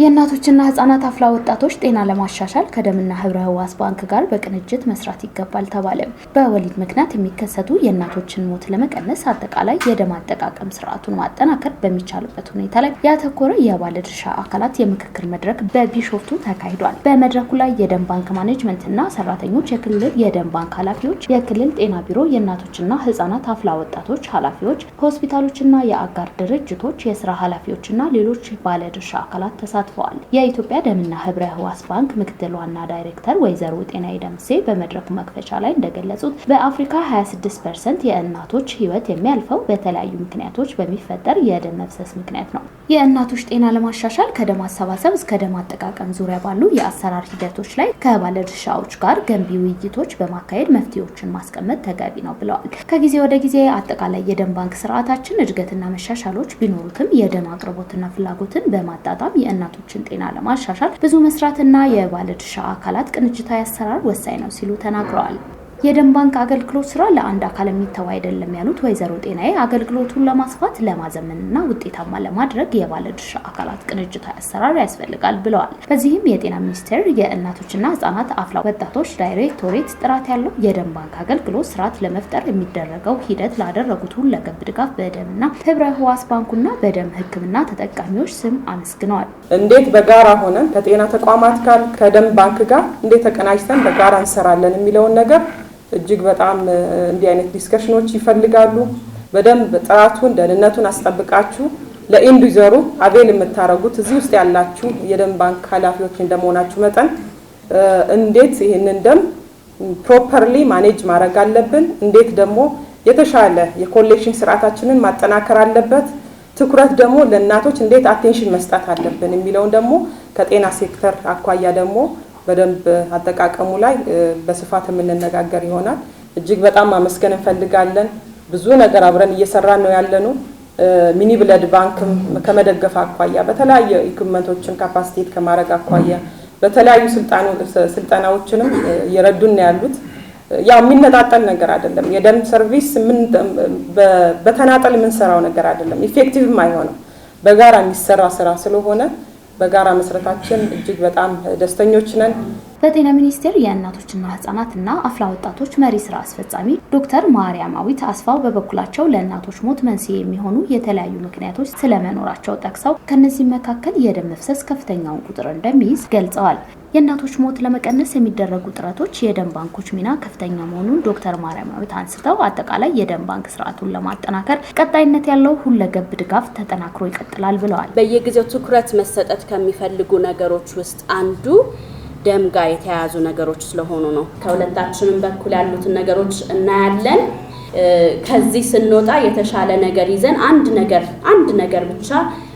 የእናቶችና ህጻናት አፍላ ወጣቶች ጤና ለማሻሻል ከደምና ህብረ ህዋስ ባንክ ጋር በቅንጅት መስራት ይገባል ተባለ። በወሊድ ምክንያት የሚከሰቱ የእናቶችን ሞት ለመቀነስ አጠቃላይ የደም አጠቃቀም ስርዓቱን ማጠናከር በሚቻልበት ሁኔታ ላይ ያተኮረ የባለድርሻ አካላት የምክክር መድረክ በቢሾፍቱ ተካሂዷል። በመድረኩ ላይ የደም ባንክ ማኔጅመንትና ሰራተኞች፣ የክልል የደም ባንክ ኃላፊዎች፣ የክልል ጤና ቢሮ፣ የእናቶችና ህጻናት አፍላ ወጣቶች ኃላፊዎች፣ ሆስፒታሎችና የአጋር ድርጅቶች፣ የስራ ኃላፊዎችና ሌሎች ባለድርሻ አካላት ተሳ ተሳትፈዋል። የኢትዮጵያ ደምና ህብረ ህዋስ ባንክ ምክትል ዋና ዳይሬክተር ወይዘሮ ጤናዬ ደምሴ በመድረኩ መክፈቻ ላይ እንደገለጹት በአፍሪካ 26 ፐርሰንት የእናቶች ህይወት የሚያልፈው በተለያዩ ምክንያቶች በሚፈጠር የደም መፍሰስ ምክንያት ነው። የእናቶች ጤና ለማሻሻል ከደም አሰባሰብ እስከ ደም አጠቃቀም ዙሪያ ባሉ የአሰራር ሂደቶች ላይ ከባለድርሻዎች ጋር ገንቢ ውይይቶች በማካሄድ መፍትሄዎችን ማስቀመጥ ተገቢ ነው ብለዋል። ከጊዜ ወደ ጊዜ አጠቃላይ የደም ባንክ ስርዓታችን እድገትና መሻሻሎች ቢኖሩትም የደም አቅርቦትና ፍላጎትን በማጣጣም የእናቶ የወጣቶችን ጤና ለማሻሻል ብዙ መስራትና የባለድርሻ አካላት ቅንጅታዊ አሰራር ወሳኝ ነው ሲሉ ተናግረዋል። የደም ባንክ አገልግሎት ስራ ለአንድ አካል የሚተው አይደለም ያሉት ወይዘሮ ጤናዬ አገልግሎቱን ለማስፋት ለማዘመንና ውጤታማ ለማድረግ የባለድርሻ አካላት ቅንጅታዊ አሰራር ያስፈልጋል ብለዋል። በዚህም የጤና ሚኒስቴር የእናቶችና ህጻናት አፍላ ወጣቶች ዳይሬክቶሬት ጥራት ያለው የደም ባንክ አገልግሎት ስርዓት ለመፍጠር የሚደረገው ሂደት ላደረጉት ሁለገብ ድጋፍ በደምና ህብረ ህዋስ ባንኩና በደም ህክምና ተጠቃሚዎች ስም አመስግነዋል። እንዴት በጋራ ሆነን ከጤና ተቋማት ጋር ከደም ባንክ ጋር እንዴት ተቀናጅተን በጋራ እንሰራለን የሚለውን ነገር እጅግ በጣም እንዲህ አይነት ዲስከሽኖች ይፈልጋሉ። በደንብ ጥራቱን፣ ደህንነቱን አስጠብቃችሁ ለኢንዱዘሩ አቬል የምታደርጉት እዚህ ውስጥ ያላችሁ የደም ባንክ ኃላፊዎች እንደመሆናችሁ መጠን እንዴት ይህንን ደም ፕሮፐርሊ ማኔጅ ማድረግ አለብን፣ እንዴት ደግሞ የተሻለ የኮሌክሽን ስርዓታችንን ማጠናከር አለበት፣ ትኩረት ደግሞ ለእናቶች እንዴት አቴንሽን መስጠት አለብን የሚለውን ደግሞ ከጤና ሴክተር አኳያ ደግሞ በደንብ አጠቃቀሙ ላይ በስፋት የምንነጋገር ይሆናል። እጅግ በጣም ማመስገን እንፈልጋለን። ብዙ ነገር አብረን እየሰራን ነው ያለነው። ሚኒ ብለድ ባንክም ከመደገፍ አኳያ በተለያየ ኢኩመንቶችን ካፓሲቴት ከማድረግ አኳያ በተለያዩ ስልጠናዎችንም እየረዱን ነው ያሉት። ያው የሚነጣጠል ነገር አይደለም። የደም ሰርቪስ በተናጠል የምንሰራው ነገር አይደለም። ኢፌክቲቭም አይሆንም። በጋራ የሚሰራ ስራ ስለሆነ በጋራ መስረታችን እጅግ በጣም ደስተኞች ነን። በጤና ሚኒስቴር የእናቶችና ህጻናትና አፍላ ወጣቶች መሪ ስራ አስፈጻሚ ዶክተር ማርያማዊት አስፋው በበኩላቸው ለእናቶች ሞት መንስኤ የሚሆኑ የተለያዩ ምክንያቶች ስለመኖራቸው ጠቅሰው ከነዚህም መካከል የደም መፍሰስ ከፍተኛውን ቁጥር እንደሚይዝ ገልጸዋል። የእናቶች ሞት ለመቀነስ የሚደረጉ ጥረቶች የደም ባንኮች ሚና ከፍተኛ መሆኑን ዶክተር ማርያም ዊት አንስተው አጠቃላይ የደም ባንክ ስርዓቱን ለማጠናከር ቀጣይነት ያለው ሁለገብ ድጋፍ ተጠናክሮ ይቀጥላል ብለዋል። በየጊዜው ትኩረት መሰጠት ከሚፈልጉ ነገሮች ውስጥ አንዱ ደም ጋር የተያያዙ ነገሮች ስለሆኑ ነው። ከሁለታችንም በኩል ያሉትን ነገሮች እናያለን። ከዚህ ስንወጣ የተሻለ ነገር ይዘን አንድ ነገር አንድ ነገር ብቻ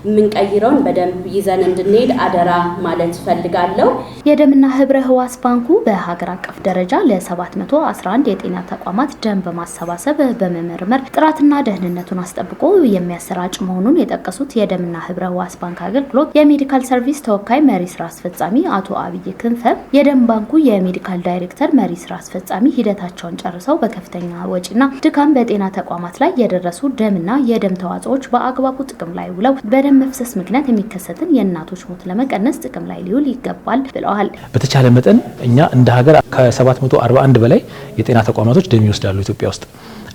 የምንቀይረውን በደንብ ይዘን እንድንሄድ አደራ ማለት ፈልጋለሁ የደምና ህብረ ህዋስ ባንኩ በሀገር አቀፍ ደረጃ ለ711 የጤና ተቋማት ደም በማሰባሰብ በመመርመር ጥራትና ደህንነቱን አስጠብቆ የሚያሰራጭ መሆኑን የጠቀሱት የደምና ህብረ ህዋስ ባንክ አገልግሎት የሜዲካል ሰርቪስ ተወካይ መሪ ስራ አስፈጻሚ አቶ አብይ ክንፈ፣ የደም ባንኩ የሜዲካል ዳይሬክተር መሪ ስራ አስፈጻሚ ሂደታቸውን ጨርሰው በከፍተኛ ወጪና ድካም በጤና ተቋማት ላይ የደረሱ ደምና የደም ተዋጽኦዎች በአግባቡ ጥቅም ላይ ውለው በደም መፍሰስ ምክንያት የሚከሰትን የእናቶች ሞት ለመቀነስ ጥቅም ላይ ሊውል ይገባል ብለዋል። በተቻለ መጠን እኛ እንደ ሀገር ከ741 በላይ የጤና ተቋማቶች ደም ይወስዳሉ ኢትዮጵያ ውስጥ።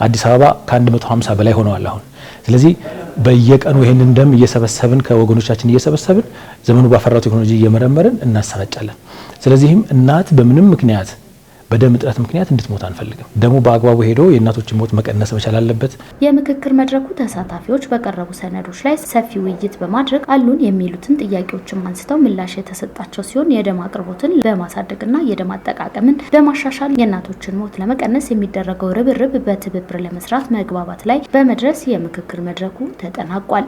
አዲስ አበባ ከ150 በላይ ሆነዋል አሁን። ስለዚህ በየቀኑ ይህንን ደም እየሰበሰብን ከወገኖቻችን እየሰበሰብን ዘመኑ ባፈራው ቴክኖሎጂ እየመረመርን እናሰራጫለን። ስለዚህም እናት በምንም ምክንያት በደም እጥረት ምክንያት እንድትሞት አንፈልግም። ደሙ በአግባቡ ሄዶ የእናቶችን ሞት መቀነስ መቻል አለበት። የምክክር መድረኩ ተሳታፊዎች በቀረቡ ሰነዶች ላይ ሰፊ ውይይት በማድረግ አሉን የሚሉትን ጥያቄዎችም አንስተው ምላሽ የተሰጣቸው ሲሆን የደም አቅርቦትን በማሳደግና የደም አጠቃቀምን በማሻሻል የእናቶችን ሞት ለመቀነስ የሚደረገው ርብርብ በትብብር ለመስራት መግባባት ላይ በመድረስ የምክክር መድረኩ ተጠናቋል።